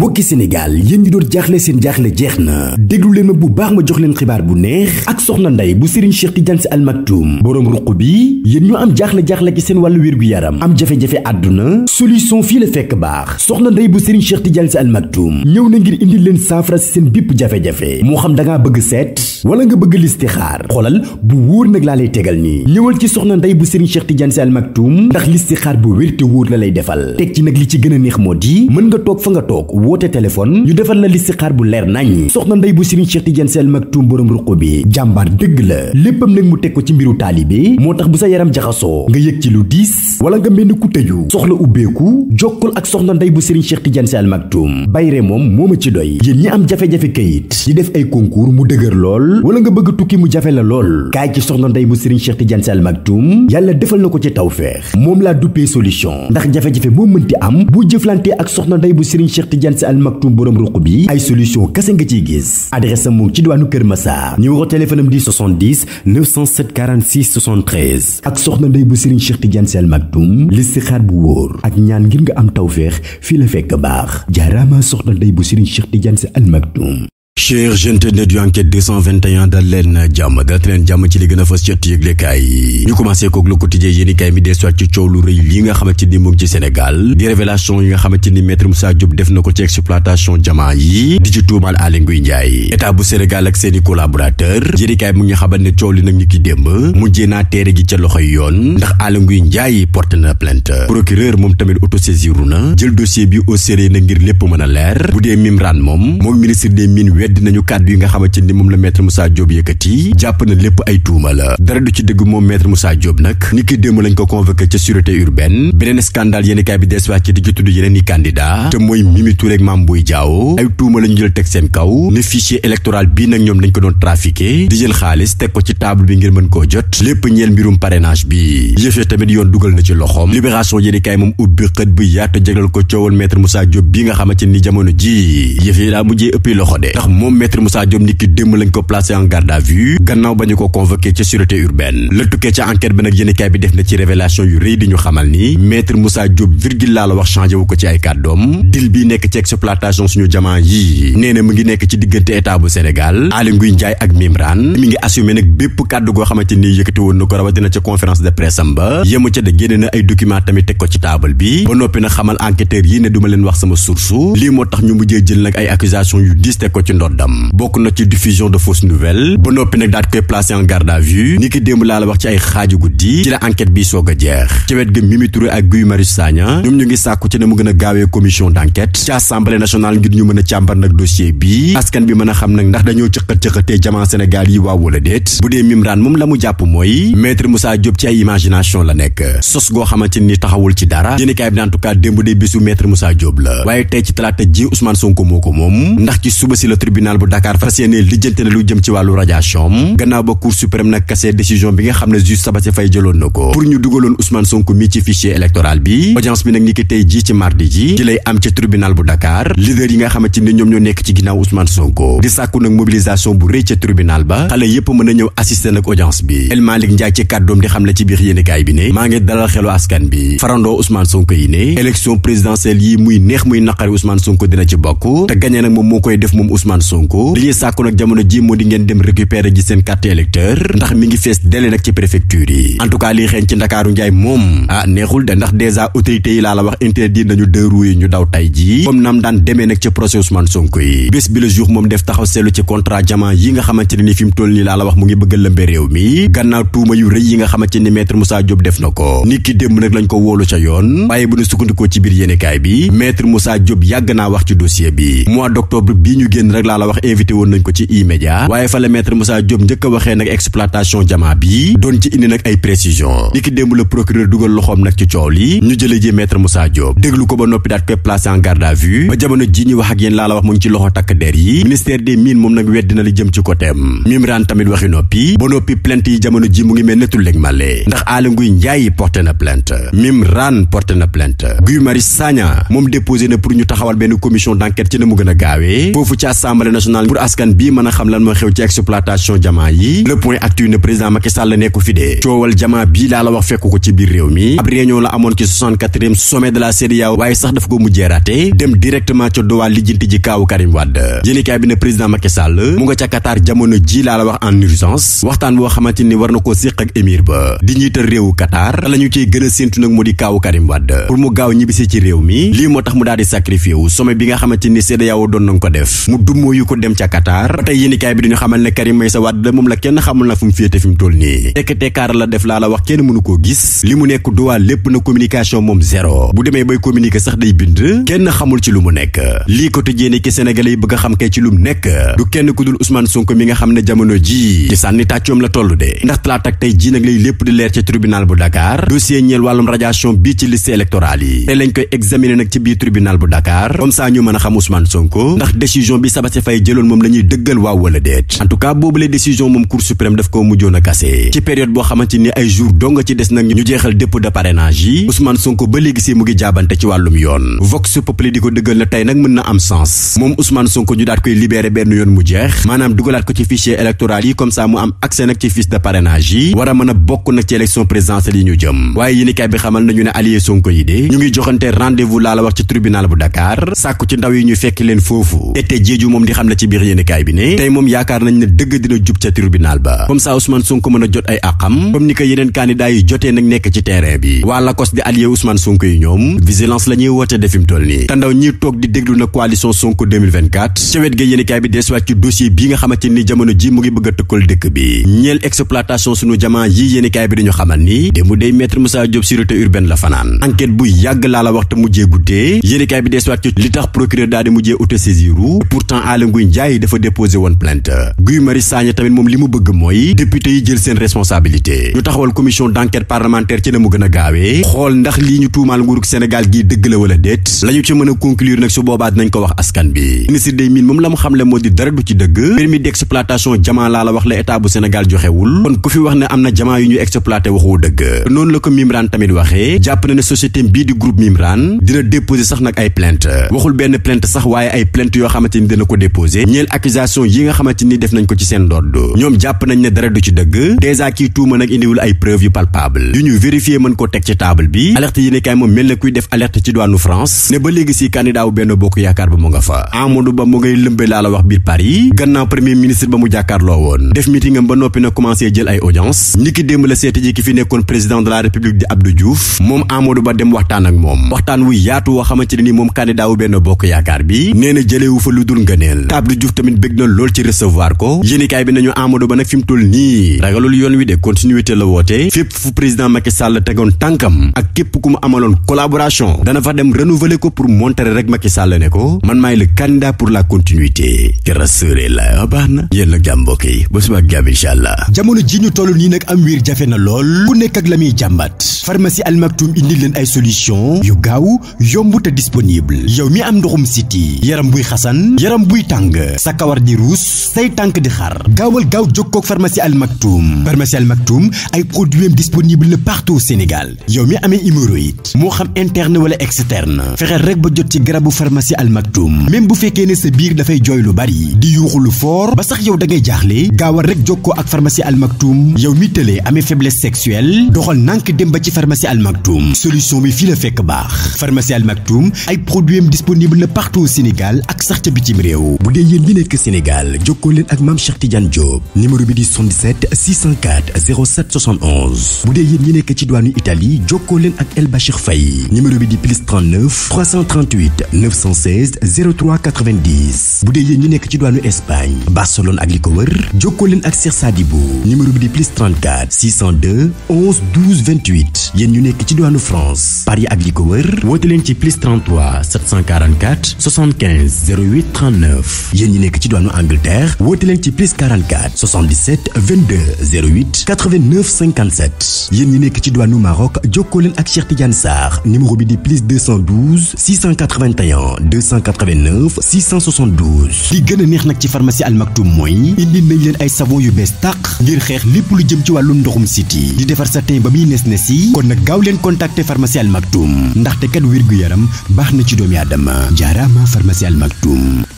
mbokki Sénégal yéen ñi doon jaaxle seen jaaxle jeex na déglu leen ma bu baax ma jox leen xibaar bu neex ak soxna ndey bu Serigne Cheikh Tidiane Sy Al Maktoum boroom ruq bi yéen ñu am jaaxle-jaaxle ci seen wàllu wér-gu-yaram am jafe-jafe àdduna solution fii la fekk baax soxna ndey bu Serigne Cheikh Tidiane si Al ñëw na ngir indi leen saafara si seen bépp jafe-jafe moo xam dangaa bëgg seet wala nga bëgg listixaar xoolal bu wóor nag laa lay tegal nii ñëwal ci soxna ndey bu Serigne Cheikh Tidiane Sy Al Maktoum ndax listixaar bu wér te wóor la lay defal teg ci nag li ci gën a neex moo di mën nga toog fa nga toog woote téléphone ñu defal la listixaar bu leer nañ soxna ndey bu Serigne Cheikh Tidiane Sy Al Maktoum borom ruqu bi jàmbaar dëgg la léppam nag mu teg ko ci mbiru taalibe moo tax bu sa yaram jaxasoo nga yëg ci lu diis wala nga mel ni ku tëju soxla ubbeeku jokkul ak soxna ndey bu Serigne Cheikh Tidiane Sy Al Maktoum bayre moom moo ma ci doy yéen ñi am jafe-jafe kayit di def ay concours mu dëgër lool lool wala nga bëgg tukki mu jafe la lool kaay ci soxna ndey bu sëriñ Cheikh Tidiane Sy Al Maktoum yàlla defal na ko ci tawfeex moom laa duppee solution ndax jafe-jafe boo mënti am bu jëflantee ak soxna ndey bu sëriñ Cheikh Tidiane si Al borom ruq bi ay solution kese nga ciy gis adresse am mu ngi ci diwaanu Kër Massar numéro téléphone am di 70 907 46 73 ak soxna ndey bu sëriñ Cheikh Tidiane Sy Al Maktoum listixaar bu wóor ak ñaan ngir nga am tawfeex fii la fekk baax jaaraama soxna ndey bu sëriñ Cheikh Tidiane Sy Al Maktoum cher jentenet yu enquête 221 dal leen jàmm dalate leen jàmm ci li gën a fës ci yëglekaay yi ñu commencé kook Le Quotidien yéenekaay mi deesuwaat ci coow lu rëy li nga xamante ni mu ci Sénégal di révélation yi nga xamante ni maître ko ci exploitation jamaa yi di ci tuumal Aly Ngouille Ndiaye état bu Sénégal ak seeni collaborateur yéenekaay mu ngi xamal ne coow li nag ñu ki démb mujjee naa teere gi ca loxoy yoon ndax Aly Ngouille yi porte na plainte procureur moom tamit autosaisiru na jël dossier bi au na ngir lépp mën a leer bu dee dinañu nañu yi nga xamante ni moom la maître Moussa Diop yëkkati jàpp na lépp ay tuuma la dara du ci dëgg moom maître Moussa Diop nag ni ki démb lañ ko convoqué ca sûreté urbaine beneen scandale yéeni kaay bi dees ci di ci tudd yeneen i candidat te mooy Mimi Touré ak Mame Boye Diao ay tuuma lañu jël teg seen kaw ne fichier électoral bi nag ñoom dañ ko doon trafiqué di jël xaalis teg ko ci table bi ngir mën ko jot lépp ñeel mbirum parrainage bi yëfee tamit yoon dugal na ci loxoom libération yéeni kaay moom ubbi xët bu yaatu jaglal ko coowal maître Moussa Diop bi nga xamante ni jamono ji yëfee daa mujjee ëppee loxo moom maître Moussa Diop ni ki démb lañ ko placé en garde à vue gannaaw ba ñu ko convoqué ca sûreté urbaine la tukkee ca enquête bi nag yéenekaay bi def na ci révélation yu rëy di ñu xamal ni maître Moussa Diop virgule laa la wax changé wu ko ci ay kàddoom dil bii nekk ci exploitation suñu jamono yii nee mu ngi nekk ci diggante état bu Sénégal Aly Ngouille Ndiaye ak Mimran mi ngi assumé nag bépp kàddu goo xamante ni yëkkati woon na ko rawatina ca conférence de na ay document tamit teg ko ci table bi ba noppi nag ne duma leen wax sama source lii moo tax ñu mujjee jël nag ay ko ci ndoddam bokk na ci diffusion de fausses nouvelles ba noppi nag daat koy placé en garde à vue ni démb laa la wax ci ay xaaju guddi ci la enquête bi soog a jeex ci wet ga Mimi Touré ak Guy Marius Sagna ñoom ñu ngi sàkku ci ne mu gën a gaawee commission d' enquête ci assemblée nationale ngir ñu mën a càmbar nag dossier bi askan bi mën a xam nag ndax dañoo cëqat cëqatee jaman Sénégal yi waaw wala déet bu dee Mimran moom la mu jàpp mooy maître Moussa Diop ci ay imagination taxawul ci dara yéenekaay bi en tout ko tribunal bu Dakar lijjante na lu jëm ci wàllu radiation gannaaw ba cour suprême nag kase décision bi nga xam ne juge Sabassy Faye jëloon na ko pour ñu dugaloon Ousmane Sonko mi ci fichier électoral bi audience bi nag ni ki tey ci mardi ji lay am ci tribunal bu Dakar leader yi nga xamante ni ñoom ñoo nekk ci ginnaaw Ousmane Sonko di sàkku nag mobilisation bu rëy ca tribunal ba xale yépp mën a ñëw assister nag audience bi El Malick Ndiaye ci kàddoom di Ousmane Sonko li ñuy sàkku nag jamono ji moo di ngeen dem récupérer ji seen carte électeur ndax mi ngi fees dele nag ci préfecture yi en tout cas lii xeeñ ci ndakaaru njaay moom ah neexul de ndax déjà autorités yi laa la wax interdit nañu deux roues yi ñu daw tay ji comme nam daan demee nag ci procès Ousmane Sonko yi bés bi le jour moom def taxaw seetlu ci contrat jaman yi nga xamante ne ni fi mu toll nii laa la wax mu ngi bëgg lëmbe réew mi gannaaw tuuma yu rëy yi nga xamante ni yoon waaye bu ñu sukkandikoo ci biir yéenekaay bi maître Moussa Diop naa wax ci dossier bi laa la wax invité woon nañ ko ci E-Media waaye fa la maître Moussa Diop njëkk a waxee nag exploitation jamaa bi doon ci indi nag ay précision li ki démb la procureur dugal loxoom nag ci coow li ñu jële ji maître Moussa Diop déglu ko ba noppi daat koy placé en garde à vue ba jamono ji ñu wax ak yéen laa la wax mu ngi ci loxo takk der yi ministère des mines moom nag weddi na li jëm ci côtéem Mimran tamit waxi noppi ba noppi plainte yi jamono ji mu ngi mel nettul leeg male ndax Aly Ngouille Ndiaye porté na plainte Mimran porté na plainte ñu taxawal benn commission d'enquête ci na mu gën a gaawee assemblée nationale pour askan bii mën a xam lan moo xew ci exploitation jamaa yi le point actu ne président Macky Sall nekku fi coowal jamaa bii laa la wax fekk ko ci biir réew mi ab réunion la amoon ci 64e sommet de la CEDEAO waaye dem directement ca Doha lijjanti ji kaawu Karim Wade yéenekaay bi ne président Macky Sall mu nga ca Qatar jamono ji laa la wax en urgence waxtaan boo xamante ni war na koo séq ak émir ba di njiital réewu Qatar la ñu ciy gën a séntu nag moo di kaawu Karim Wade pour mu gaaw ñibbisi ci réew mi lii moo tax mu daal di sacrifié wu sommet bi nga xamante ni CEDEAO doon nañ ko def wuyu ko dem ca Qatar ba tey yéenikaay bi duñu xamal ne Karim Meïssa Wade moom la kenn xamul na fu mu féete fi toll nii tekkateekaar la def laa la wax kenn mënu koo gis li mu nekk duwaa lépp na communication moom zéro bu demee bay communiquer sax day bind kenn xamul ci lu mu nekk lii ko tëjee ne ki bëgg a xam kay ci lu mu nekk du kenn ku dul Ousmane mi nga xam ne jamono ji ci sànni tàccoom la toll de ndax talaata ak tey nag lay lépp a xam Mbàkke Fay jëloon moom la dëggal waaw wala déet en tout cas moom cour suprême daf koo mujjoon a kase ci période boo xamante ni ay jour donga ci des nag ñu jeexal dépôt de parrainage yi Ousmane Sonko ba léegi si mu ngi jaabante ci wàllum yoon Vox Populi di ko dëggal na tey nag mën na am sens moom Ousmane Sonko ñu daat koy libéré benn yoon mu jeex maanaam dugalaat ko ci fichier électoral yi comme ça mu am accès nag ci fiche de parrainage yi war a mën ñu jëm waaye yi de ñu ngi joxante rendez-vous laa la wax ci tribunal bu Dakar sàkku ci yi ñu fekk leen foofu di xam le ci biir yéenekaay bi ne tey moom yaakaar nañ ne dëgg dina jub ca tribunal ba comme ça Ousmane mën a jot ay àqam comme ni ko yeneen candidat yi jotee nag nekk ci terrain bi waa Lacoste di allié Ousmane Sonko yi ñoom vigilance la ñuy defim toll nii te ndaw ñiy toog di déglu na coalition Sonko 2024 ga yéenekaay bi deesuwaat ci dossier bi nga xamante ni jamono ji mu ngi bëgg a dëkk bi ñeel exploitation sunu jamaa yi yéenekaay bi dañu Aly Ngouille Ndiaye dafa déposé woon plainte Guy Marius Sagna tamit moom li mu bëgg mooy député yi jël seen responsabilité ñu taxawal commission d'enquête parlementaire ci na mu gën a gaawee xool ndax lii ñu tuumaal nguurug Sénégal gii dëgg la wala déet la ñu ci mën a conclure nag su boobaa dinañ ko wax askan bi ministre des mines moom la mu xam moo di dara du ci dëgg permis d'exploitation jamaa laa la wax la état Sénégal joxewul kon ku fi wax ne am déposé ñeel accusation yi nga xamante ni def nañ ko ci seen dodd ñoom jàpp nañ ne dara du ci dëgg dèjà kii tuuma nag indiwul ay preuve yu palpable yu ñu vérifié mën ko teg ci table bi alerte yi ne moom mel na kuy def alerte ci douane France ne ba léegi si candidat wu benn bokk yaakaar ba mu nga fa Amadou Ba mu ngay lëmbe laa la wax biir Paris gannaaw premier ministre ba mu jàkkaarloo woon def meeting ba noppi na commencé jël ay audience ñi ki démb ki fi nekkoon président la république di Abdou Diouf moom Amadou ak moom waxtaan wu yaatu woo xamante ne ni moom candidat wu benn bokk yaakaar bi nee na jëlewu lu dul ngëneel ñeel Abdou Diouf tamit bëgg na lool ci recevoir ko yéenekaay bi nañu Amadou Ba nag fi mu toll nii ragalul yoon wi de continuité la woote fépp fu président Macky Sall tegoon tànkam ak képp ku mu amaloon collaboration dana fa dem renouveler ko pour montrer rek Macky Sall ne ko man maay le candidat pour la continuité kera sëre la ah, baax na yéen nag jàmm mbokk yi ba suba jàmm incha allah jamono ji ñu toll nii nag am wiir jafe na lool ku nekk ak la muy jàmbat pharmacie Al Maktoum indi leen ay solution yu gaaw yomb te disponible yow mi am ndoxum siti yaram buy xasan yaram buy tàng sa kawar di ruus say tànk di xar gaawal gaaw jokkoog pharmacie Al Maktoum pharmacie Al Maktoum ay produits am disponible partout Sénégal yow mi amee hémorroïde moo xam interne wala externe fexeel rek ba jot ci garabu pharmacie Al Maktoum même bu fekkee ne sa biir dafay jooy lu bari di yuuxu lu fort ba sax yow da ngay jaaxle gaawal rek jokkoo ak pharmacie Al Maktoum yow mi tëlee amee faiblesse sexuelle doxal nànk dem ba ci pharmacie Al Maktoum solution bi fii la fekk baax pharmacie Al Maktoum ay Sénégal ak sax ca bitim réew Ndakaaru bu dee yéen ñi nekk Sénégal jokkoo leen ak maam Cheikh Tidiane Diop numéro bi di 77 604 07 71 bu dee yéen ñi nekk ci diwaanu Italie jokkoo leen ak El Bachir Faye numéro bi di plus 39 bu dee yéen ñi nekk ci diwaanu Espagne Barcelone ak li leen ak Cheikh numéro bi di plus 34 602 ñu nekk ci diwaanu France Paris ak ko wër woote leen ci plus 33 744 19 yéen ñi nekk ci diwaanu Angleterre woote leen ci plus 44 77 22 08 89 57 yéen ñi nekk ci diwaanu Maroc jokkoo leen ak Cheikh Tidiane Sarr numéro bi di plus 212 681 289 672 li gën a neex nag ci pharmacie Al Maktoum mooy indi nañ leen ay savon yu bees tàq ngir xeex lépp lu jëm ci wàllu ndoxum siti di defar sa teen ba muy nes nes yi kon nag gaaw leen contacter pharmacie Al Maktoum ndaxte kat wér gu yaram baax na ci doomi aadama jaaraama pharmacie Al Maktoum